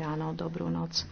ráno, dobrú noc.